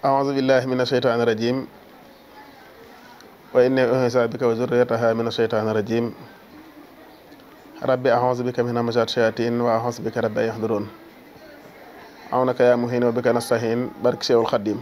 أعوذ بالله من الشيطان الرجيم وإني أنسى بك وذريتها من الشيطان الرجيم ربي أعوذ بك من همزات الشياطين وأعوذ بك ربي يحضرون عونك يا مهين وبك نستعين بارك سيو الخديم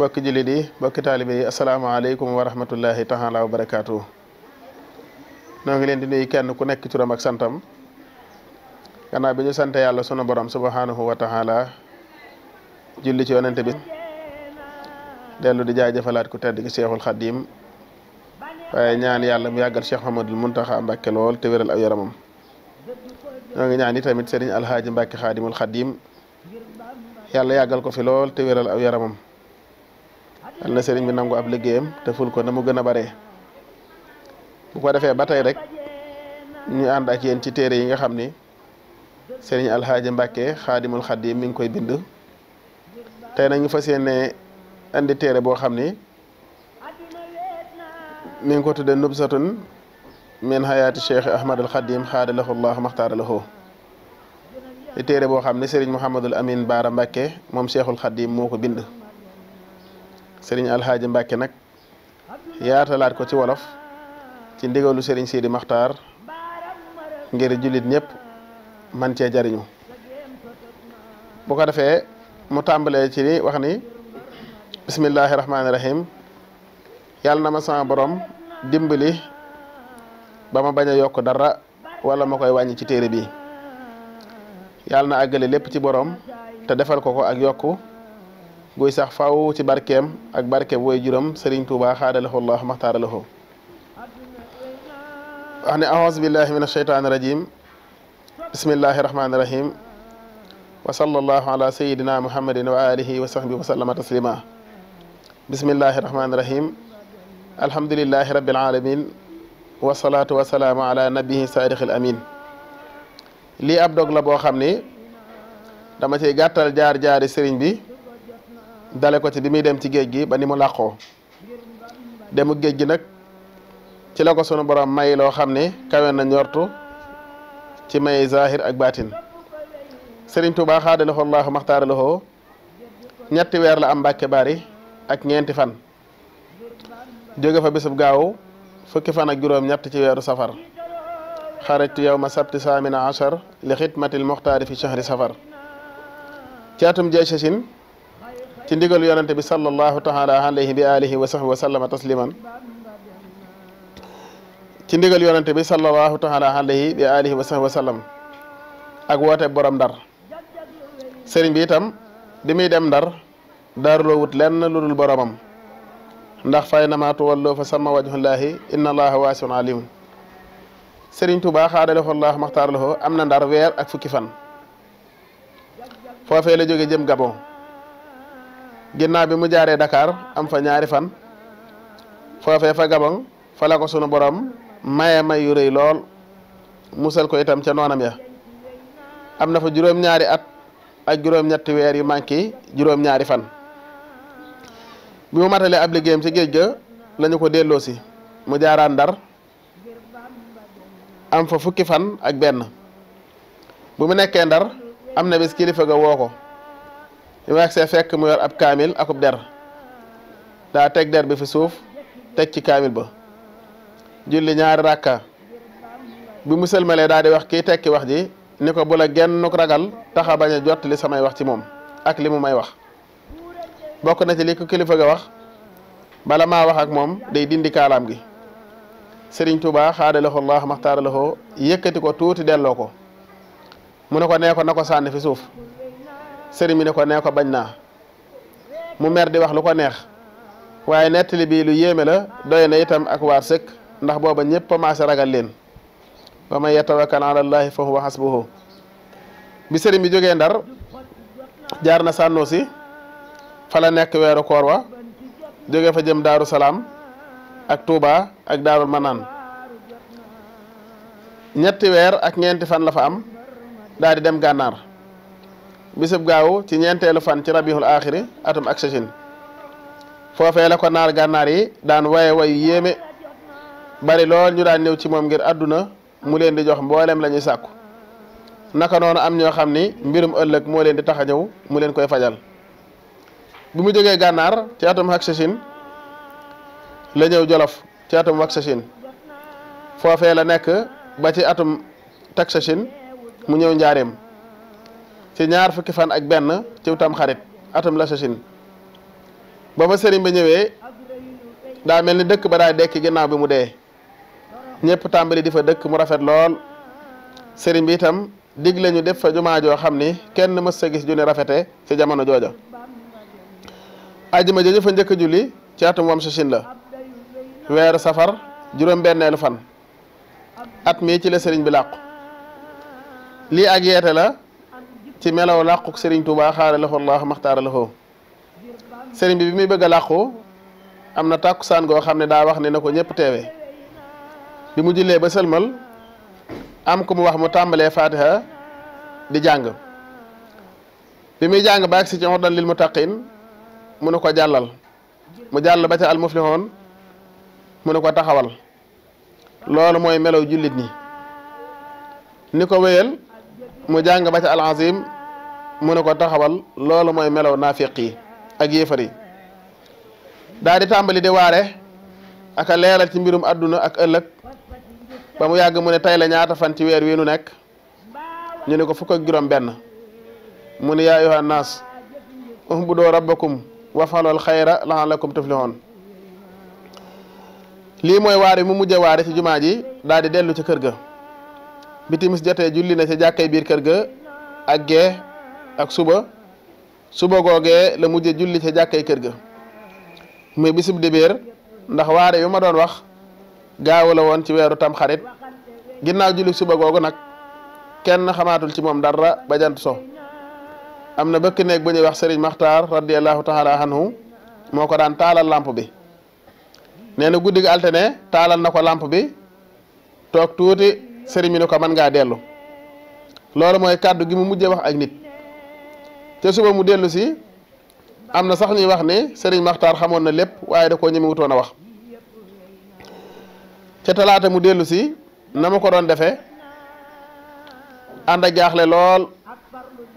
بك جلدي بك طالبي السلام عليكم ورحمة الله تعالى وبركاته noo ngi leen di nuyu kenn ku nekk ci turam ak santam gannaaw bi ñu sant yàlla sunu borom subhanahu wa taala julli ci yonente bi dellu di jaajëfalaat ku tedd ki Cheikhul Khadim waaye ñaan yàlla mu yàggal Cheikh Mamadou Mountakha Mbacké lool te wéral aw yaramam ngi ñaan i tamit Serigne Alhaaji Mbacké Khadimul Khadim yàlla yàggal ko fi lool te wéral aw yaramam yal na Serigne bi nangu ab liggéeyam te ful ko na mu gën a bare bu ko defee ba tey rek ñu ànd ak yéen ci téere yi nga xam ni Serigne Alhaaji Mbacké Khadimul Khadim mi ngi koy bind tay nañu fassiyene andi téré bo téere boo mi ngi ko tudde nubsatun min hayati cheikh Ahmad al khadim khadalahu allah makhtar lahu di téere boo xam ne Serigne Mouhamadul Amin bara Mbacke mom cheikhul al khadim moko bind. Serigne al Alhaaji Mbacke nag yaatalaat ko ci wolof ci ndigalu Serigne Sidi makhtar ngir julit ñep man ci jariñu bu ko defee. mu tàmbalee ci ni wax ni bismillaahi rahmaani rahim yàlla na ma sama borom dimbali ba bañ a yokk dara wala ma koy wàññi ci téere bi yàlla na àggale lépp ci boroom te defal ko ko ak yokku guy sax faw ci barkeem ak barke booy juróom Serigne Touba xaadalahu allah maxtaaralahu wax ne aouzu billahi min asheytaani rajim bismillahi rahmaani rahim وصلى الله على سيدنا محمد وآله وصحبه وسلم تسليما بسم الله الرحمن الرحيم الحمد لله رب العالمين والصلاة والسلام على نبيه سارق الأمين لي أبدوك لبو خمني لما تي قتل جار جار سرين بي داليكو تي بمي دم تي جي بني ملاقو دم جي جنك تي لكو سنو برام ماي لو خمني كوين نيورتو تي ماي زاهر أكباتين Serigne Touba xaadalahu Allahu maxtaara lahu ñetti weer la am Mbàkke Bari ak ñeenti fan jóge fa bisub gaaw fukki fan ak juróom-ñett ci weeru safar xarajtu yow ma sabti saamina achar li xidmatil muxtaari fi chahri safar ci atum jeesasin ci ndigalu yonante bi sallallahu taala alayhi bi alihi wa sahbi wa sallama tasliman ci ndigal yonante bi sallallahu taala alayhi bi alihi wa sahbi wa sallam ak woote borom ndar sëriñ bi itam bi muy dem ndar daaruloo wut lenn lu dul boromam ndax fay namaatu walloo fa sama wajhullaahi inna allaha waasiun alim sëriñ Tuubaa xaadalexo laax maxtaar loxo am na ndar weer ak fukki fan foofee la jóge jëm Gabon ginnaaw bi mu jaaree Dakar am fa ñaari fan foofee fa Gabon fa la ko sunu borom maye may yu rëy lool musal ko itam ca noonam ya am na fa juróom-ñaari at ak juróom-ñetti weer yi manqué juróom-ñaari fan bi mu matalee ab liggéeyam ci géej ga lañu ko delloosi mu jaaraan Ndar am fa fukki fan ak benn bu mu nekkee Ndar am na bis kilifa ga woo ko bi mu agsee fekk mu yor ab kaamil akub der daa teg der bi fi suuf teg ci kaamil ba julli ñaari ràkka bi mu sëlmalee daa di wax kii tekki wax ji ni ko bu la genn ragal taxa bañ a samay wax ci moom ak li mu may wax bokk na ci li ko kilifa ga wax bala ma wax ak moom day dindi kaalaam gi sëriñ Tuubaa xaadalaxo Allah maxtaaralaxo yëkkati ko tuuti delloo ko mu ne ko nee na ko sànni fi suuf sëriñ bi ne ko bañ na mu mer di wax lu ko neex waaye nettali bii lu yéeme la doy na itam ak waar sëkk ndax booba ñëpp a maase ragal leen wa man yatawakkal ala allahi fa huwa hasbuhu bi serigne bi joge ndar jaar na si fa la nek weeru koor wa joge fa jëm daru salam ak Touba ak daarul manan ñetti wer ak ñenti fan la fa am daal di dem ganar, bisub gaaw ci ñeenteelu fan ci rabiul akhir atum ak sësin fofé la ko naar ganar yi daan waye wayu yéme bari lool ñu daan ñew ci mom ngir aduna mu leen di jox mbolem sakku naka noonu am ñoo xam ni mbirum ëllëg moo leen di tax a ñëw mu leen koy fajal bi mu jegee gànnaar ci atum Haksesine la ñëw Jolof ci atum Haksesine foofee la nekk ba ci atum Taksesine mu ñëw njaareem ci ñaar fukki fan ak benn ci tam xarit atum la Sesine ba fa sëriñ ba ñëwee daa mel ni dëkk ba daa dekki ginnaaw bi mu dee ñëpp tàmbali di fa dëkk mu rafet lool sëriñ bi itam dig la ñu def fa jumaa joo xam ni kenn mës sa gis ju rafete ci jamono jooja ajjuma jooju fa njëkk julli ci atum wam sachin la weeru safar juróom-benneelu fan at mii ci la sëriñ bi làqu lii ak yeete la ci melaw làquk sëriñ Tuubaa xaare la Allah maxtaara la sëriñ bi bi muy bëgg làqu am na saan goo xam ne daa wax ne na ko ñëpp teewe bi mu jullee ba sëlmal am ko mu wax mu tambale fatiha di jàng bi mi jàng ba ci ordan lil mutaqin mun ko jàllal mu jàll ba ca al muflihun mun ko taxawal lolu moy melaw julit ñi niko weyel mu jàng ba ca al azim mun ko taxawal lolu moy melaw nafiqi ak yefari yi tàmbali di waré aka leral ci mbirum aduna ak ëllëg ba mu yàgg mu ne tey la ñaata fan ci weer wi nu nekk ñu ne ko fukk ak juróom benn mu ne yaa ayyuhan naas u'budu rabbakum wafalul xayra la'allakum tuflihun lii mooy waar yi mu mujj waare ci jumaa ji daal di dellu ci kër ga bi timis jotee julli na ci jàkkay biir kër ga ak gee ak suba suba googee la mujje julli ci jàkkay kër ga muy bisub dibéer ndax waare yu ma doon wax gaaw woon ci weeru tamxarit ginnaaw julli suba googu nag kenn xamaatul ci moom dara bajant jant so am na bëkk néeg bu ñuy wax Serigne Makhtar radiyallahu taala anhu moo ko daan taalal làmp bi nee na guddi gi altine taalal na ko làmp bi toog tuuti Serigne bi ne ko man ngaa dellu loolu mooy kàddu gi mu mujje wax ak nit te suba mu dellu si am na sax ñuy wax ni seriñ Makhtar xamoon na lépp waaye da koo ñemewutoon a wax. ci talata mu delu ci nama ko don defé anda jaxlé lol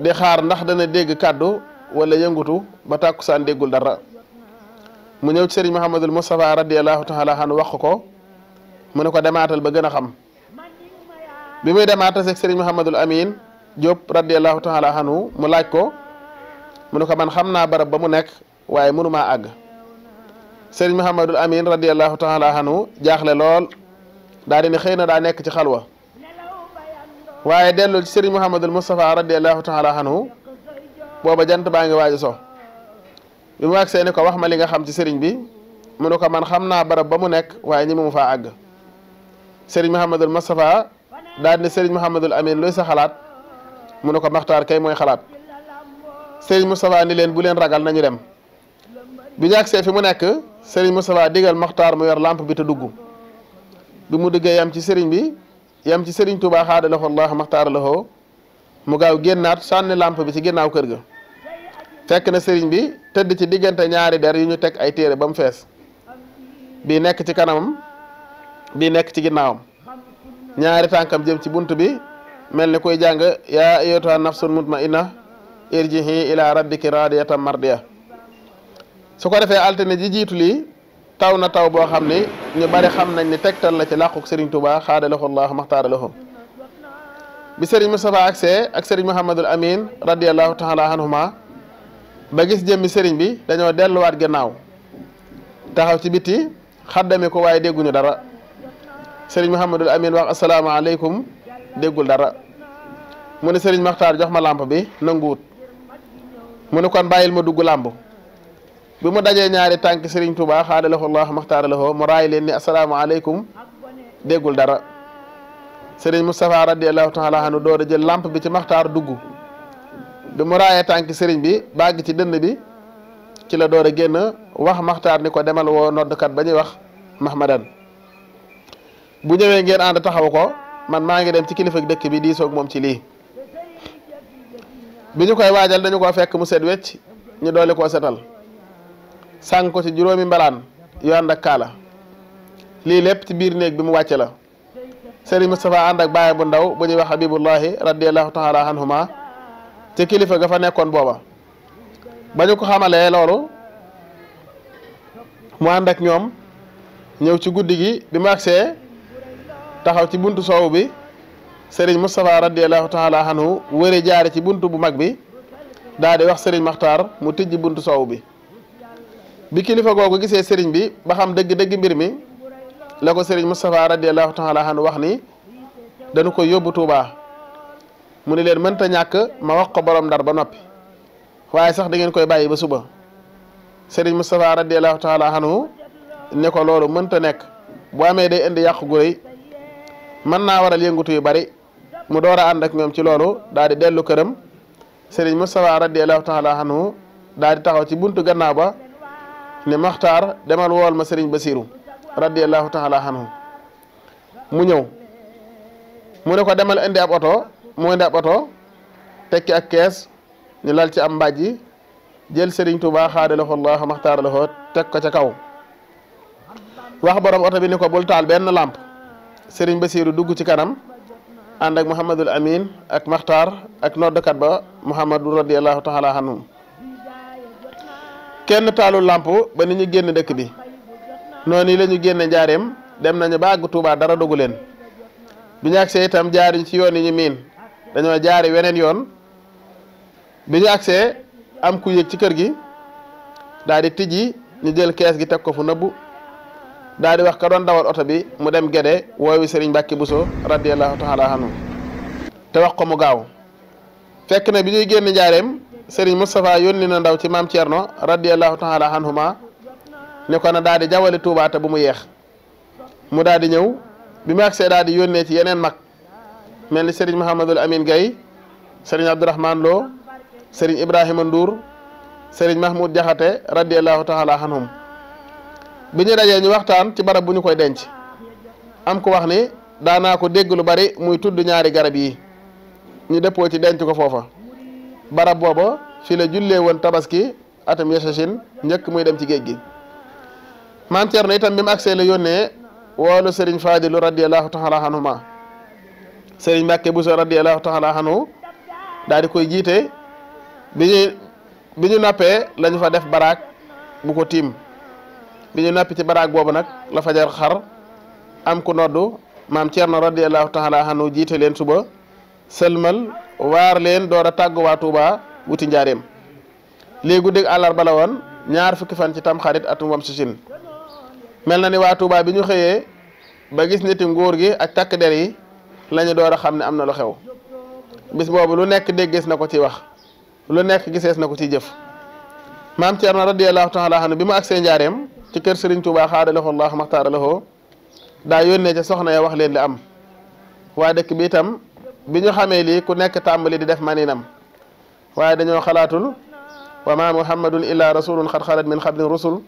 di xaar ndax dana dégg kàddu wala yëngutu ba takusan déggul dara mu ñëw ci serigne mohammed Mouhamadul Moustapha radiyallahu taala han wax ko mu ne ko dematal ba gëna xam bi muy demaatal seeg sëriñ Mouhamadul Amin Diop radiyallahu taala hanu mu laaj ko mu ne ko man xamna barab ba mu nek waye munuma ag sëriñ Mouhamadul Amin radiallahu taala anhu jaaxle lool daa di xëy na daa nekk ci xalwa waaye dellu sëriñ Mouhamadul Moustapha radiallahu taala booba jant baa ngi waaj a so bi mu agsee ni ko wax ma li nga xam ci sëriñ bi mu ne ko man xam naa barab ba mu nekk waaye ñi mu faa àgg sëriñ Mouhamadul Moustapha daa di ne sëriñ Mouhamadul Amin luy sa xalaat mu ne ko maxtaar kay mooy xalaat sëriñ Moustapha ni leen bu leen ragal nañu dem bi ñu agsee fi mu nekk. sëriñ Moustapha digal Maxtaar mu yor làmp bi te dugg bi mu duggee yam ci sëriñ bi yam ci sëriñ Touba xaada la Allah Maxtaar la xoo mu gaaw génnaat sànni làmp bi ci ginnaaw kër ga fekk na sëriñ bi tëdd ci diggante ñaari der yu ñu teg ay téere ba mu fees bi nekk ci kanamam bii nekk ci ginnaawam ñaari tànkam jëm ci bunt bi mel ni koy jàng yaa ayyatuha nafsul mutmainna irjihi ila rabbiki radiyatan mardiya su ko defee alterné ji jiitu lii taw na taw boo xam ni ñu bari xam nañ ni tegtal la ci làquk Serigne Touba xaadalaxu llaahu maxtaara lahum bi Serigne Moustapha agsee ak Serigne Mouhamadul Amin radiallahu taala anhuma ba gis jëmmi Serigne bi dañoo delluwaat gannaaw taxaw ci biti xaddami ko waaye dégguñu dara Serigne Mouhamadul Amin wax asalaamaaleykum déggul dara mu ne Serigne Maxtaar jox ma làmp bi nanguwut mu ne kon bàyyil ma dugg làmb bi mu dajee ñaari tànk Serigne Touba xaada lahu Allah maxtaara lahu mu raay leen ni asalaamaaleykum déggul dara Serigne Moustapha radiallahu taala anhu door a jël lampe bi ci maxtaar dugg bi mu raayee tànk sëriñ bi bàgg ci dënn bi ci la door génn wax maxtaar ni ko demal woo noddkat ba ñuy wax mahmadan bu ñëwee ngeen ànd taxaw ko man maa ngi dem ci kilifa dëkk bi diisoog moom ci lii bi ñu koy waajal dañu ko fekk mu set wecc ñu doole koo setal sanko ci juróomi mbalan yo ànd kala li lepp ci bir neeg bi mu wacce la serigne mustafa ànd ak bàyyi bu ndaw bu ñu wax habibullah radiyallahu taala anhuma te kilifa ga fa nekkon boba bañu ko xamalé lolu mu andak ak ñoom ci guddigi gi bi mu agsee taxaw ci buntu soow bi serigne mustafa radiyallahu taala anhu wéré jaar ci buntu bu mag bi daal wax serigne makhtar mu tejj buntu soow bi bi kilifa googu gisee serigne bi ba xam deug deug mbir mi la serigne mustafa Moustapha radiyallahu taala han wax ni dañ ko yobbu Touba mune len man ta ñak ma wax ko borom dar ba nopi waye sax da ngeen koy bayyi ba suba serigne mustafa radiyallahu taala hanu ne ko man ta nek bo amé day indi gu waral yengutu yu bari mu doora a ak ci lolu daal di delu kërëm serigne mustafa radiyallahu taala hanu daal di taxaw ci buntu ne maxtaar demal wool ma sëriñ Basiiru radiyallahu taala anhu mu ñëw mu ne ko demal indi ab oto mu indi ab oto tekki ak kees ñu lal ci am mbaaj jël sëriñ Tuubaa xaadalaxo laahu maxtaar laxoo teg ko ca kaw wax borom oto bi ni ko bul taal benn làmp sëriñ Basiiru dugg ci kanam ànd ak Muhammadul Amin ak maxtaar ak noddkat ba Muhammadu radiyallahu taala anhu kenn taalu làmp ba ni ñu génn dëkk bi noonu yi la ñu génne njaareem dem nañu ba àgg Tuubaa dara dogu leen bi ñu agsee itam jaariñ ci yoon yi ñu miin dañoo jaari weneen yoon bi ñu agsee am ku yéeg ci kër gi daal di tijji ñu jël kees gi teg ko fu nëbbu daal wax ka doon dawal oto bi mu dem gede woowi Sëriñ Mbàkke Buso radiyallahu taala anhu te wax ko mu gaaw fekk na bi ñuy génn njaareem Serigne Moustapha yónni na ndaw ci maam Thierno radiyallahu taala anhuma ne ko na daal di jawwale Touba te bu mu yeex mu daal di ñëw bi mu agsee daal di yónnee ci yeneen mag mel ni Serigne Mouhamadul Amine gay Serigne Abdourahmane Lo Serigne Ibrahima Ndour Serigne Mahmoud Diakhaté radiyallahu taala anhum bi ñu dajee ñu waxtaan ci barab bu ñu koy denc am ko wax ni daanaa ko dégg lu bari muy tudd ñaari garab yi ñu dëppoo ci denc ko foofa. barab booba fi la jullee woon tabaski atam yasashin njëkk muy dem ci géej gi maam Cerno itam bi mu agsee la yónnee woolu Serigne Fadilu radiallahu taala anhuma Serigne Mbàkke Buso radiallahu taala anhu daal di koy jiite bi ñu bi ñu nappee la ñu fa def baraak bu ko tiim bi ñu nappi ci baraak boobu nag la fajar xar am ku noddu maam Cerno radiallahu taala anhu jiite leen suba sëlmal waar leen door a tàgg waa Touba wuti njaareem léegi dégg àllarba la woon ñaar fukki fan ci tamxarit atum wam sisin mel na ni waa Touba bi ñu xëyee ba gis niti nguur gi ak takk der yi la door a xam ne am na lu xew bis boobu lu nekk déggees na ko ci wax lu nekk gisees na ko ci jëf maam Thierno radiyallahu taala anhu bi mu agsee njaareem ci kër Serigne Touba xaadalahu allah maxtaaralahu daa yónnee ca soxna ya wax leen li am waa dëkk bi itam bi ñu xamee lii ku nekk tàmbali di def maninam waaye dañoo xalaatul wa ma muhammadun illa rasulun xad xalat min xablin rusul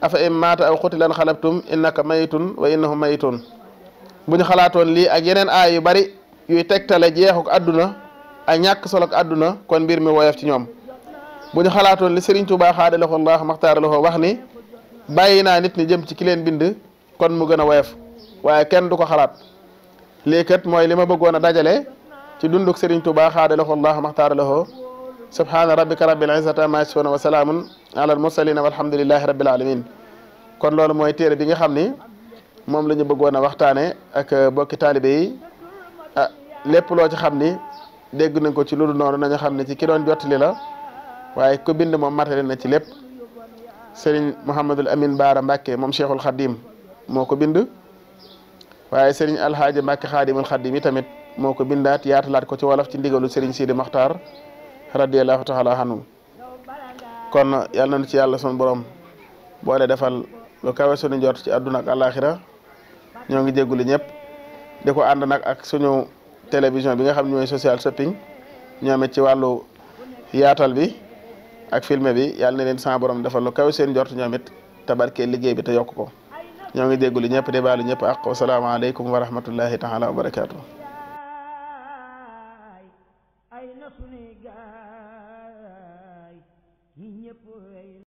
a in maata aw xutilan xalabtum innaka maytun wa innahum maytun bu ñu xalaatoon lii ak yeneen aay yu bari yuy tegtale jeexuk àdduna ak ñàkk solok àdduna kon mbir mi woyof ci ñoom bu ñu xalaatoon li Sëriñ Tuubaa xaadalaxu Allah maxtaaralaxu wax ni bàyyi naa nit ñi jëm ci ki leen bind kon mu gën a woyof waaye kenn du ko xalaat لكت موي لي ما بغونا داجالي تي دوندوك سيرن توبا خادله الله مختار له سبحان ربي رب العزه عما يصفون وسلام على المرسلين والحمد لله رب العالمين كون لول موي تيري بيغي خامني موم لا ني بغونا وقتاني اك بوكي طالبي ليپ لو تي خامني دغ نانكو تي لودو نونو ناني خامني تي كي دون جوتلي لا واي كو محمد الامين بارا مباكي موم شيخ الخديم moko bindu waaye sëriñ alxaaji Mbàkke xaadimul xaadim yi tamit moo ko bindaat yaatalaat ko ci wolof ci ndigalu sëriñ Sidi Maxtaar radiyallahu taala anhu kon yàlla nañu ci yàlla sun borom boole defal lu kawe suñu njort ci àdduna ak ñoo ngi jégguli ñëpp di ànd nag ak suñu télévision bi nga xam mooy social shopping ñoom ci wàllu yaatal bi ak filme bi yàlla na leen sa borom defal lu kawe seen njort ñoom it tabarkee liggéey bi te yokk ko ñoo ngi jéggulu ñëpp di baalu ñëpp ak wasalaamaaleykum wa rahmatullahi taala wa barakaatu.